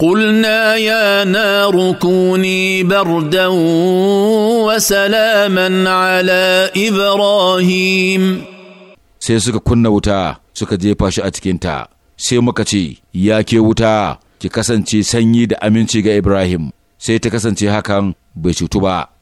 قلنا يا نار كوني بردا وسلاما على ابراهيم sai suka kunna wuta suka jefa shi a cikinta sai muka ce ya ke wuta ki kasance sanyi da aminci ga ibrahim sai ta kasance hakan bai cutu ba